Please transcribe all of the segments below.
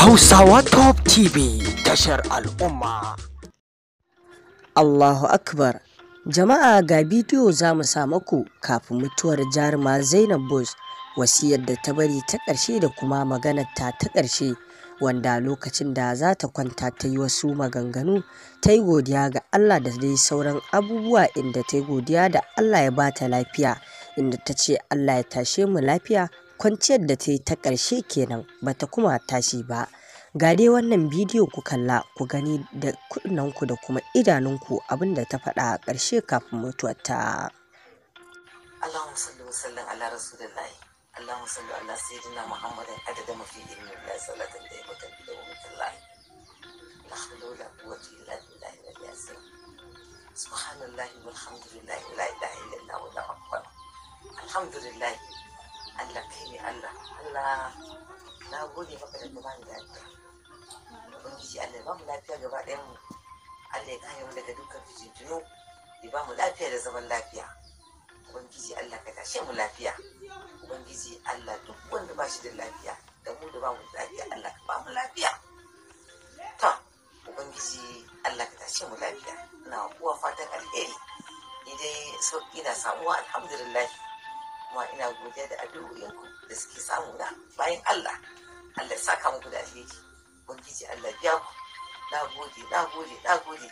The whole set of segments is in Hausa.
Hausawa Top TV tashar al'umma. Allahu Akbar. Jama'a ga bidiyo za mu sa maku kafin mutuwar jaruma Zainab bus wasiyar da ta bari ta ƙarshe da kuma maganar ta ta ƙarshe wanda lokacin da za ta kwanta ta yi wasu maganganu ta yi godiya ga Allah da dai sauran abubuwa inda ta yi godiya da Allah ya ba ta lafiya inda ta ce Allah ya tashe mu lafiya kwanciyar da ta yi ta ƙarshe kenan ba ta kuma tashi ba ga dai wannan bidiyo ku kalla ku gani da kunnanku da kuma idanunku abin da ta faɗa a ƙarshe kafin mutuwarta Allahumma salli wa sallam ala rasulillahi Allahumma salli ala sayyidina Muhammadin adada mafi ilmi la salatan da yabata bi da mutullahi la hawla wala quwwata illa billahi al azim subhanallahi walhamdulillahi la ilaha illallah wa la akbar alhamdulillahi Allah kai ne Allah Allah na gode maka da ka bani lafiya ubangiji Allah ya bamu lafiya gaba ɗayan mu Allah ya kare mu daga dukkan fitintunu ya bamu lafiya da zaman lafiya ubangiji Allah ka tashe mu lafiya ubangiji Allah duk wanda ba shi da lafiya da mu da ba mu lafiya Allah ka mu lafiya Ta ubangiji Allah ka tashe mu lafiya ina kuwa fatan alheri ni dai sauki na samuwa alhamdulillah kuma ina godiya da addu'o'in ku da suke samu na bayan Allah Allah saka muku da alheri ubangiji Allah biya ku na gode na gode na gode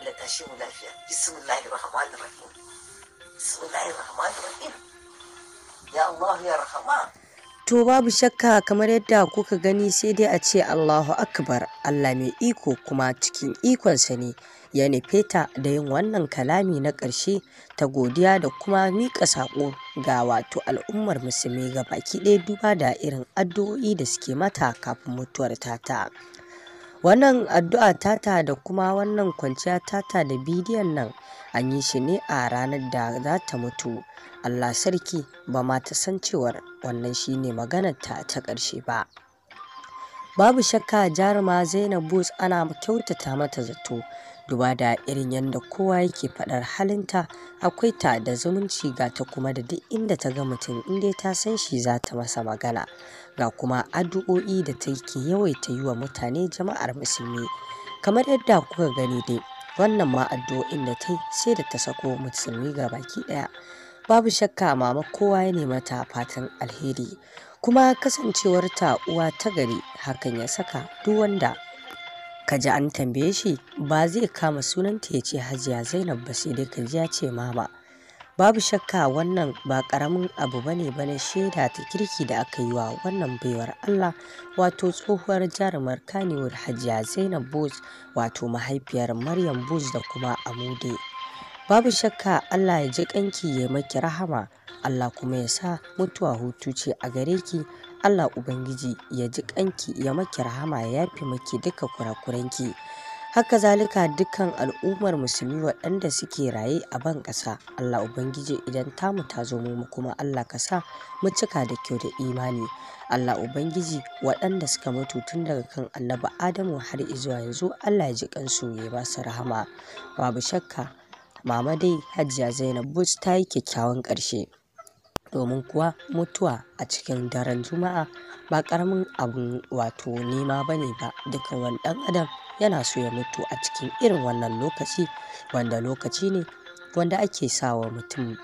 Allah tashi mu lafiya bismillahir rahmanir rahim bismillahir rahmanir rahim ya Allah ya rahman To babu shakka kamar yadda kuka gani sai dai a ce Allahu Akbar Allah mai iko kuma cikin ikonsa ne ya nufe ta da yin wannan kalami na ƙarshe ta godiya da kuma miƙa saƙo ga wato al'ummar musulmi ga baki ɗaya duba da irin addu'o'i da suke mata kafin mutuwar tata. Wannan addu'a tata da kuma wannan kwanciya tata da bidiyon nan an yi shi ne a ranar da za ta mutu. Allah sarki ba ma ta san cewar wannan shine maganar ta ta ƙarshe ba. Babu shakka jaruma Zainab bus ana kyautata mata zato duba da irin yadda kowa yake faɗar halinta akwai ta da zumunci ga ta kuma da duk inda ta ga mutum inda ta san shi za ta masa magana ga kuma addu'o'i da ta ke yawaita yi wa mutane jama'ar musulmi kamar yadda kuka gani dai wannan ma addu'o'in da ta yi sai da ta sako musulmi ga baki ɗaya babu shakka mama kowa ya nema mata fatan alheri kuma ta uwa ta gari hakan ya saka duk wanda ka ji an tambaye shi ba zai kama sunanta ya ce hajiya zainab ba sai dai ka ya ce ma ba. babu shakka wannan ba karamin abu bane bane shaida ta kirki da aka yi wa wannan baiwar Allah wato tsohuwar jarumar kanewar hajiya zainab Bus) wato mahaifiyar maryam Bus da kuma amude babu shakka Allah ya ji kanki ya maki rahama Allah kuma ya sa mutuwa hutu ce a gare ki Allah Ubangiji ya ji ƙanki ya maki rahama ya yafi maki duka kurakuranki. Haka zalika dukkan al'ummar musulmi waɗanda suke raye a ban ƙasa, Allah Ubangiji idan tamu ta zo mu kuma Allah ka sa mu cika da kyau da imani. Allah Ubangiji waɗanda suka mutu tun daga kan annabi Adamu har izuwa yanzu Allah ya ji ƙansu ya ba su rahama. Babu shakka, Mama dai Hajiya Zainab bus ta yi kyakkyawan ƙarshe. domin kuwa mutuwa a cikin daren Juma'a ba ƙaramin abun wato nema ba ne ba dukkan wani ɗan adam yana so ya mutu a cikin irin wannan lokaci wanda lokaci ne wanda ake sawa mutum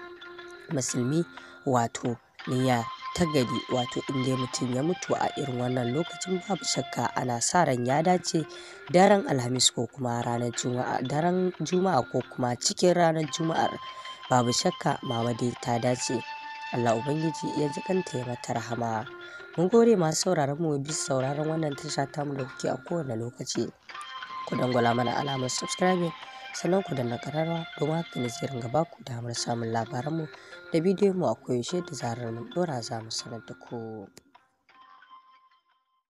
musulmi wato niyya ta gari wato in mutum ya mutu a irin wannan lokacin babu shakka ana sa ran ya dace daren alhamis ko kuma ranar juma'a daren juma'a ko kuma cikin ranar juma'ar babu shakka mama dai ta dace Allah Ubangiji ya ji kanta ya mata rahama. Mun gode masu sauraron mu bisa sauraron wannan tasha tamu da kuke a kowane lokaci. Ku dangwala mana alamar subscribing sannan ku danna kararwa domin haka ne zirin gaba baku damar samun labaranmu da bidiyon mu a koyaushe da zarar mun dora za mu sanar da ku.